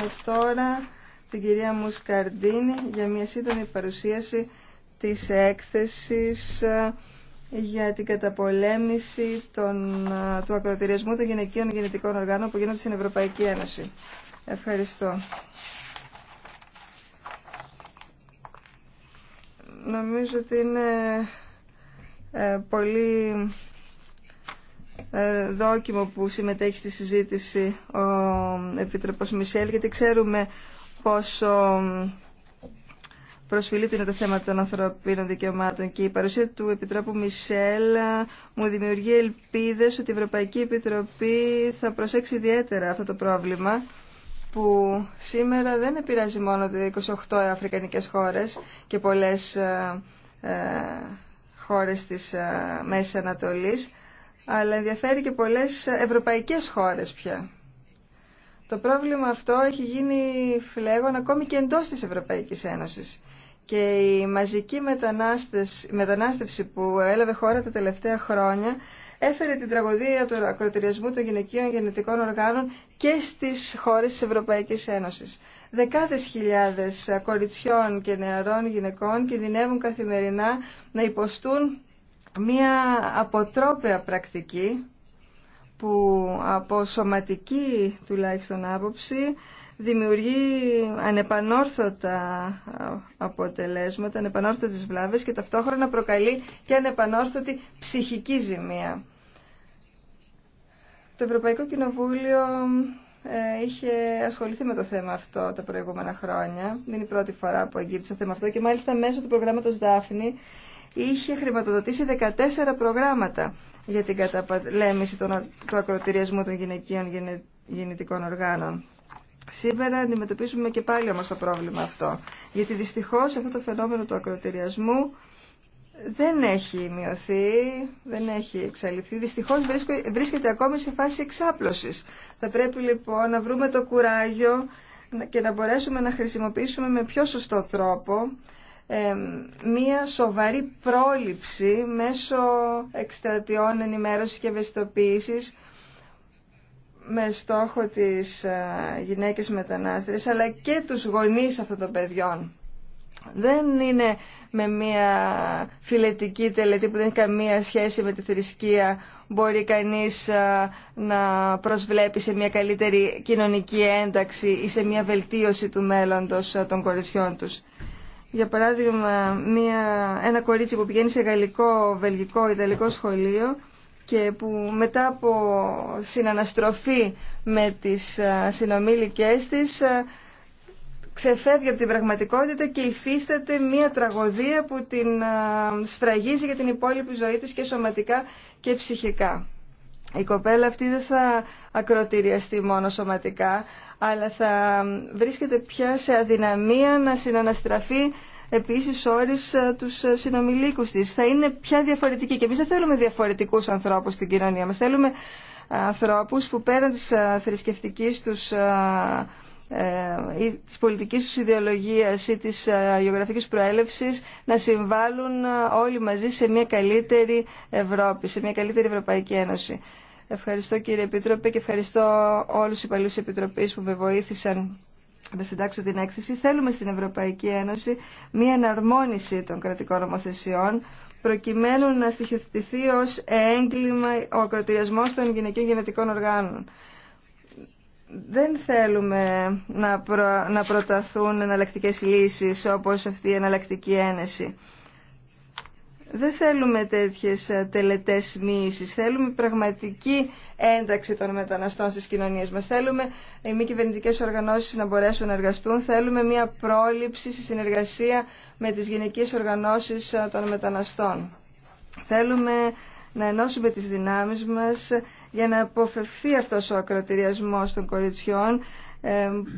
ακούσουμε τώρα την κυρία Μουσκαρντίνη για μια σύντομη παρουσίαση της έκθεσης ε, για την καταπολέμηση των, ε, του ακροτηριασμού των γυναικείων γενετικών οργάνων που γίνονται στην Ευρωπαϊκή Ένωση. Ευχαριστώ. Νομίζω ότι είναι ε, πολύ ε, δόκιμο που συμμετέχει στη συζήτηση ο Επίτροπος Μισελ, γιατί ξέρουμε πόσο προσφυλίτου είναι το θέμα των ανθρωπίνων δικαιωμάτων και η παρουσία του Επιτρόπου Μισελ ε, μου δημιουργεί ελπίδες ότι η Ευρωπαϊκή Επιτροπή θα προσέξει ιδιαίτερα αυτό το πρόβλημα που σήμερα δεν επηρεάζει μόνο τι 28 αφρικανικές χώρες και πολλές ε, χώρες της Μέσης Ανατολής αλλά ενδιαφέρει και πολλές ευρωπαϊκές χώρες πια. Το πρόβλημα αυτό έχει γίνει φλέγον ακόμη και εντός της Ευρωπαϊκής Ένωσης. Και η μαζική μετανάστευση που έλαβε χώρα τα τελευταία χρόνια έφερε την τραγωδία του ακροτηριασμού των γυναικείων γενετικών οργάνων και στις χώρες της Ευρωπαϊκής Ένωσης. Δεκάδες χιλιάδες κοριτσιών και νεαρών γυναικών κινδυνεύουν καθημερινά να υποστούν μία αποτρόπαια πρακτική που από σωματική τουλάχιστον άποψη δημιουργεί ανεπανόρθωτα αποτελέσματα, ανεπανόρθωτες βλάβες και ταυτόχρονα προκαλεί και ανεπανόρθωτη ψυχική ζημία. Το Ευρωπαϊκό Κοινοβούλιο ε, είχε ασχοληθεί με το θέμα αυτό τα προηγούμενα χρόνια. Δεν είναι η πρώτη φορά που εγκύπτει το θέμα αυτό και μάλιστα μέσω του προγράμματος Δάφνη είχε χρηματοδοτήσει 14 προγράμματα για την καταπολέμηση του ακροτηριασμού των γυναικείων γεννητικών οργάνων. Σήμερα αντιμετωπίζουμε και πάλι όμως το πρόβλημα αυτό, γιατί δυστυχώς αυτό το φαινόμενο του ακροτηριασμού δεν έχει μειωθεί, δεν έχει εξαλειφθεί. Δυστυχώς βρίσκεται ακόμη σε φάση εξάπλωσης. Θα πρέπει λοιπόν να βρούμε το κουράγιο και να μπορέσουμε να χρησιμοποιήσουμε με πιο σωστό τρόπο μία σοβαρή πρόληψη μέσω εκστρατιών ενημέρωσης και ευαισθητοποίησης με στόχο τις ε, γυναίκες μετανάστες αλλά και τους γονείς αυτών των παιδιών. Δεν είναι με μία φιλετική τελετή που δεν έχει καμία σχέση με τη θρησκεία μπορεί κανείς ε, να προσβλέπει σε μια καλύτερη κοινωνική ένταξη ή σε μια βελτίωση του μέλλοντος ε, των κορισιών τους για παράδειγμα μια, ένα κορίτσι που πηγαίνει σε γαλλικό, βελγικό, ιταλικό σχολείο και που μετά από συναναστροφή με τις ε, συνομήλικές της ε, ξεφεύγει από την πραγματικότητα και υφίσταται μια τραγωδία που την ε, σφραγίζει για την υπόλοιπη ζωή της και σωματικά και ψυχικά η κοπέλα αυτή δεν θα ακροτηριαστεί μόνο σωματικά, αλλά θα βρίσκεται πια σε αδυναμία να συναναστραφεί επίσης όρις ε, τους ε, συνομιλίκους της. Θα είναι πια διαφορετική και εμείς δεν θέλουμε διαφορετικούς ανθρώπους στην κοινωνία μας. Θέλουμε ε, ανθρώπους που πέραν της θρησκευτικής τους ή της πολιτικής τους ιδεολογίας ή της γεωγραφικής προέλευσης να συμβάλλουν όλοι μαζί σε μια καλύτερη Ευρώπη, σε μια καλύτερη Ευρωπαϊκή Ένωση. Ευχαριστώ κύριε Επίτροπε και ευχαριστώ όλους τους υπαλλήλους επιτροπείς που με βοήθησαν να συντάξω την έκθεση. Θέλουμε στην Ευρωπαϊκή Ένωση μία εναρμόνιση των κρατικών νομοθεσιών προκειμένου να στοιχευτηθεί ως έγκλημα ο ακροτηριασμός των γυναικείων γενετικών οργάνων. Δεν θέλουμε να, να προταθούν εναλλακτικές λύσεις όπως αυτή η εναλλακτική ένεση. Δεν θέλουμε τέτοιες ε, τελετές μοίησης, θέλουμε πραγματική ένταξη των μεταναστών στις κοινωνίες μας. Θέλουμε οι μη κυβερνητικέ οργανώσεις να μπορέσουν να εργαστούν, θέλουμε μια πρόληψη στη συνεργασία με τις γυναικείες οργανώσεις ε, των μεταναστών. Θέλουμε να ενώσουμε τις δυνάμεις μας για να αποφευθεί αυτός ο ακροτηριασμός των κοριτσιών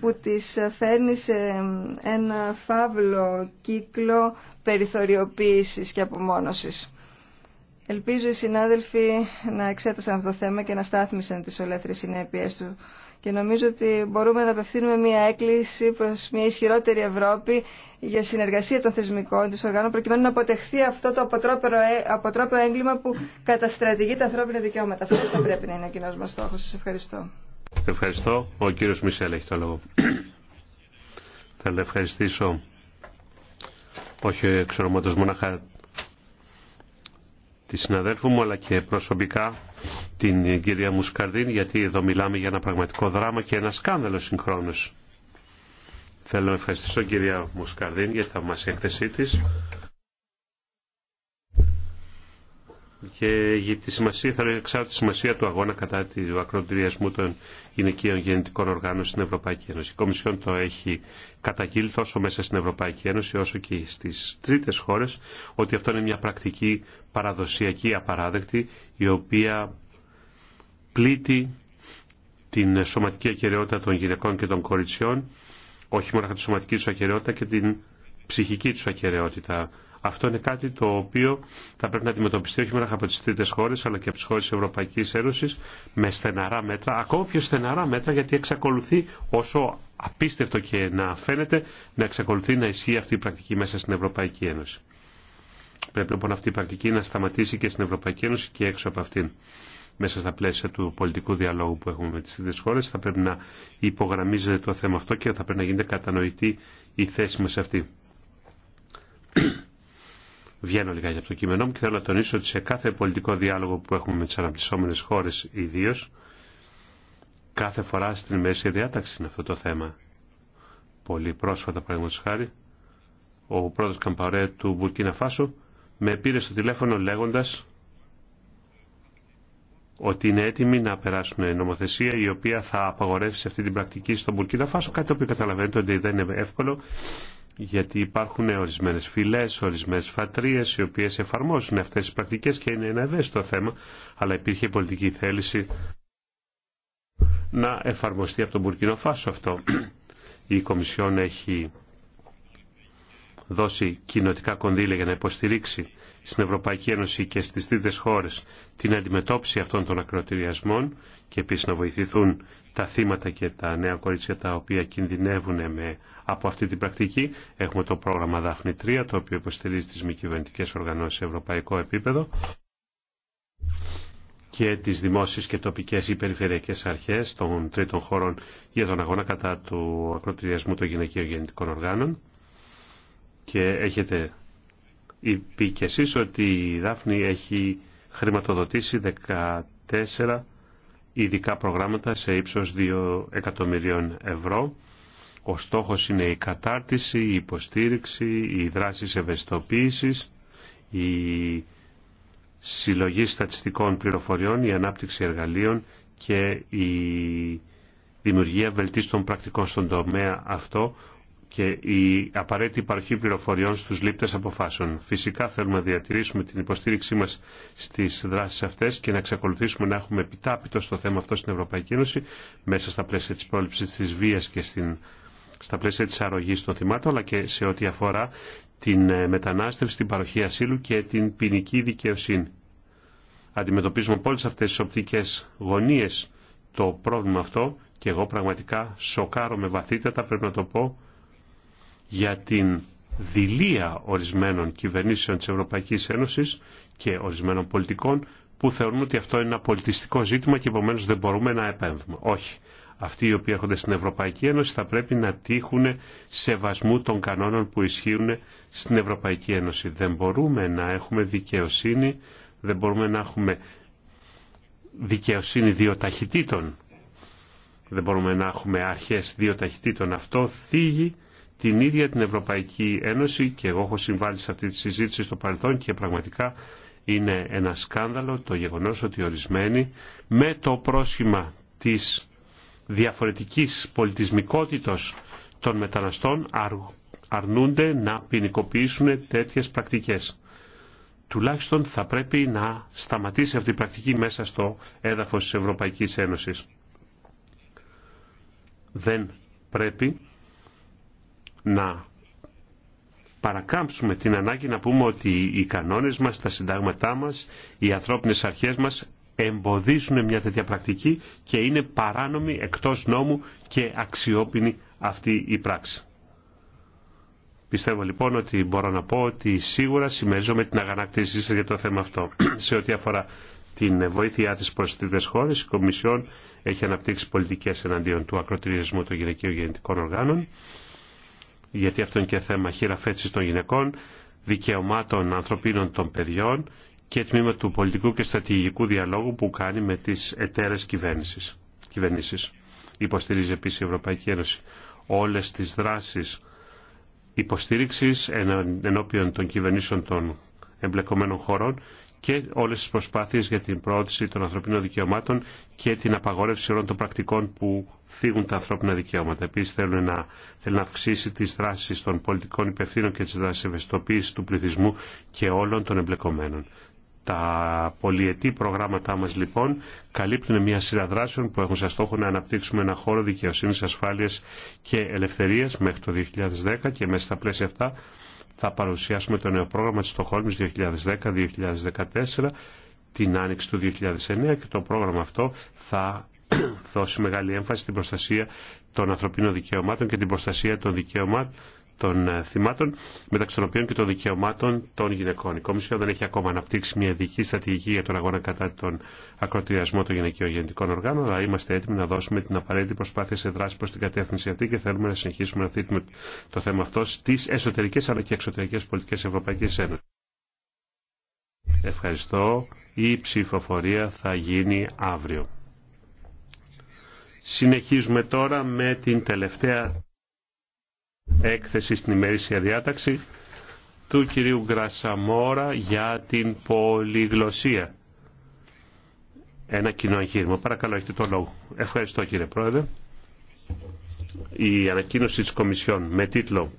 που τις φέρνει σε ένα φαύλο κύκλο περιθωριοποίησης και απομόνωσης. Ελπίζω οι συνάδελφοι να εξέτασαν αυτό το θέμα και να στάθμισαν τις ολέθρες συνέπειες του και νομίζω ότι μπορούμε να απευθύνουμε μια έκκληση προς μια ισχυρότερη Ευρώπη για συνεργασία των θεσμικών της οργάνων προκειμένου να αποτεχθεί αυτό το ε, αποτρόπαιο έγκλημα που καταστρατηγεί τα ανθρώπινα δικαιώματα. Αυτό θα πρέπει να είναι ο κοινό μας στόχος. Σας ευχαριστώ. ευχαριστώ. Ο κύριος Μισελ έχει το λόγο. Θα ευχαριστήσω όχι τη συναδέλφου μου αλλά και προσωπικά την κυρία Μουσκαρδίν γιατί εδώ μιλάμε για ένα πραγματικό δράμα και ένα σκάνδαλο συγχρόνως. Θέλω να ευχαριστήσω κυρία Μουσκαρδίν για τη θαυμασία εκθεσή της και για τη σημασία, θα εξάρτητα τη σημασία του αγώνα κατά του ακροτηριασμού των γυναικείων γεννητικών οργάνων στην Ευρωπαϊκή Ένωση. Η Κομισιόν το έχει καταγγείλει τόσο μέσα στην Ευρωπαϊκή Ένωση όσο και στις τρίτες χώρες ότι αυτό είναι μια πρακτική παραδοσιακή απαράδεκτη η οποία πλήττει την σωματική ακαιρεότητα των γυναικών και των κοριτσιών όχι μόνο τη σωματική του ακαιρεότητα και την ψυχική του ακαιρεότητα. Αυτό είναι κάτι το οποίο θα πρέπει να αντιμετωπιστεί όχι μόνο από τι τρίτε χώρε αλλά και από τι χώρε τη Ευρωπαϊκή Ένωση με στεναρά μέτρα, ακόμα πιο στεναρά μέτρα γιατί εξακολουθεί όσο απίστευτο και να φαίνεται να εξακολουθεί να ισχύει αυτή η πρακτική μέσα στην Ευρωπαϊκή Ένωση. Πρέπει λοιπόν αυτή η πρακτική να σταματήσει και στην Ευρωπαϊκή Ένωση και έξω από αυτήν. Μέσα στα πλαίσια του πολιτικού διαλόγου που έχουμε με τι τρίτε χώρε θα πρέπει να υπογραμμίζεται το θέμα αυτό και θα πρέπει να γίνεται κατανοητή η θέση μα αυτή. Βγαίνω λιγάκι από το κείμενό μου και θέλω να τονίσω ότι σε κάθε πολιτικό διάλογο που έχουμε με τι αναπτύσσόμενε χώρε ιδίω, κάθε φορά στην μέση διάταξη είναι αυτό το θέμα. Πολύ πρόσφατα, παραδείγματο χάρη, ο πρόεδρος Καμπαρέ του Μπουρκίνα Φάσου με πήρε στο τηλέφωνο λέγοντα ότι είναι έτοιμοι να περάσουν νομοθεσία η οποία θα απαγορεύσει αυτή την πρακτική στον Μπουρκίνα Φάσο, κάτι το οποίο καταλαβαίνετε ότι δεν είναι εύκολο γιατί υπάρχουν ορισμένες φυλές, ορισμένες φατρίες οι οποίες εφαρμόσουν αυτές τις πρακτικές και είναι ένα ευαίσθητο θέμα, αλλά υπήρχε πολιτική θέληση να εφαρμοστεί από τον Μπουρκίνο Φάσο αυτό. Η Κομισιόν έχει δώσει κοινοτικά κονδύλια για να υποστηρίξει στην Ευρωπαϊκή Ένωση και στις τρίτε χώρες την αντιμετώπιση αυτών των ακροτηριασμών και επίσης να βοηθηθούν τα θύματα και τα νέα κορίτσια τα οποία κινδυνεύουν με, από αυτή την πρακτική. Έχουμε το πρόγραμμα Δάφνη 3 το οποίο υποστηρίζει τις μη κυβερνητικές οργανώσεις σε ευρωπαϊκό επίπεδο και τις δημόσιες και τοπικές ή περιφερειακές αρχές των τρίτων χωρών για τον αγώνα κατά του ακροτηριασμού των γυναικείων γεννητικών οργάνων και έχετε πει και εσείς ότι η Δάφνη έχει χρηματοδοτήσει 14 ειδικά προγράμματα σε ύψος 2 εκατομμυρίων ευρώ. Ο στόχος είναι η κατάρτιση, η υποστήριξη, η δράση ευαισθητοποίησης, η συλλογή στατιστικών πληροφοριών, η ανάπτυξη εργαλείων και η δημιουργία βελτίστων πρακτικών στον τομέα αυτό, και η απαραίτητη υπαρχή πληροφοριών στους λήπτες αποφάσεων. Φυσικά θέλουμε να διατηρήσουμε την υποστήριξή μας στις δράσεις αυτές και να εξακολουθήσουμε να έχουμε επιτάπητο στο θέμα αυτό στην Ευρωπαϊκή Ένωση μέσα στα πλαίσια της πρόληψης της βίας και στην, στα πλαίσια της αρρωγής των θυμάτων αλλά και σε ό,τι αφορά την ε, μετανάστευση, την παροχή ασύλου και την ποινική δικαιοσύνη. Αντιμετωπίζουμε από όλες αυτές τις οπτικές γωνίες το πρόβλημα αυτό και εγώ πραγματικά σοκάρομαι βαθύτατα, πρέπει να το πω, για την δηλία ορισμένων κυβερνήσεων της Ευρωπαϊκής Ένωσης και ορισμένων πολιτικών που θεωρούν ότι αυτό είναι ένα πολιτιστικό ζήτημα και επομένω δεν μπορούμε να επέμβουμε. Όχι. Αυτοί οι οποίοι έρχονται στην Ευρωπαϊκή Ένωση θα πρέπει να τύχουν σεβασμού των κανόνων που ισχύουν στην Ευρωπαϊκή Ένωση. Δεν μπορούμε να έχουμε δικαιοσύνη, δεν μπορούμε να έχουμε δικαιοσύνη δύο ταχυτήτων. Δεν μπορούμε να έχουμε αρχές δύο ταχυτήτων. Αυτό θίγει την ίδια την Ευρωπαϊκή Ένωση και εγώ έχω συμβάλει σε αυτή τη συζήτηση στο παρελθόν και πραγματικά είναι ένα σκάνδαλο το γεγονός ότι ορισμένοι με το πρόσχημα της διαφορετικής πολιτισμικότητας των μεταναστών αρνούνται να ποινικοποιήσουν τέτοιες πρακτικές. Τουλάχιστον θα πρέπει να σταματήσει αυτή η πρακτική μέσα στο έδαφος της Ευρωπαϊκής Ένωσης. Δεν πρέπει να παρακάμψουμε την ανάγκη να πούμε ότι οι κανόνες μας, τα συντάγματά μας, οι ανθρώπινες αρχές μας εμποδίσουν μια τέτοια πρακτική και είναι παράνομη εκτός νόμου και αξιόπινη αυτή η πράξη. Πιστεύω λοιπόν ότι μπορώ να πω ότι σίγουρα συμμερίζομαι την αγανάκτησή σας για το θέμα αυτό. Σε ό,τι αφορά την βοήθειά της προς τρίτες χώρες, η Κομισιόν έχει αναπτύξει πολιτικές εναντίον του ακροτηριασμού των γυναικείων γεννητικών οργάνων γιατί αυτό είναι και θέμα χειραφέτησης των γυναικών, δικαιωμάτων ανθρωπίνων των παιδιών και τμήμα του πολιτικού και στρατηγικού διαλόγου που κάνει με τις εταίρες κυβέρνηση, κυβερνήσεις. Υποστηρίζει επίσης η Ευρωπαϊκή Ένωση όλες τις δράσεις υποστήριξης ενώπιον των κυβερνήσεων των εμπλεκομένων χωρών και όλες τις προσπάθειες για την προώθηση των ανθρωπίνων δικαιωμάτων και την απαγόρευση όλων των πρακτικών που φύγουν τα ανθρώπινα δικαιώματα. Επίσης θέλουν να, θέλουν να αυξήσει τις δράσεις των πολιτικών υπευθύνων και τις δράσεις του πληθυσμού και όλων των εμπλεκομένων. Τα πολυετή προγράμματά μας λοιπόν καλύπτουν μια σειρά δράσεων που έχουν σαν στόχο να αναπτύξουμε ένα χώρο δικαιοσύνης, ασφάλειας και ελευθερίας μέχρι το 2010 και μέσα στα πλαίσια αυτά θα παρουσιάσουμε το νέο πρόγραμμα της Στοχόλμης 2010-2014 την άνοιξη του 2009 και το πρόγραμμα αυτό θα δώσει μεγάλη έμφαση στην προστασία των ανθρωπίνων δικαιωμάτων και την προστασία των δικαιωμάτων των ε, θυμάτων, μεταξύ των οποίων και των δικαιωμάτων των γυναικών. Η Κομισιόν δεν έχει ακόμα αναπτύξει μια ειδική στρατηγική για τον αγώνα κατά τον ακροτηριασμό των γυναικείων οργάνων, αλλά είμαστε έτοιμοι να δώσουμε την απαραίτητη προσπάθεια σε δράση προ την κατεύθυνση αυτή και θέλουμε να συνεχίσουμε να θέτουμε το θέμα αυτό στι εσωτερικέ αλλά και εξωτερικέ πολιτικέ Ευρωπαϊκή Ένωση. Ευχαριστώ. Η ψηφοφορία θα γίνει αύριο. Συνεχίζουμε τώρα με την τελευταία έκθεση στην ημερήσια διάταξη του κυρίου Γκρασαμόρα για την πολυγλωσία. Ένα κοινό εγχείρημα. Παρακαλώ, έχετε το λόγο. Ευχαριστώ κύριε Πρόεδρε. Η ανακοίνωση της Κομισιόν με τίτλο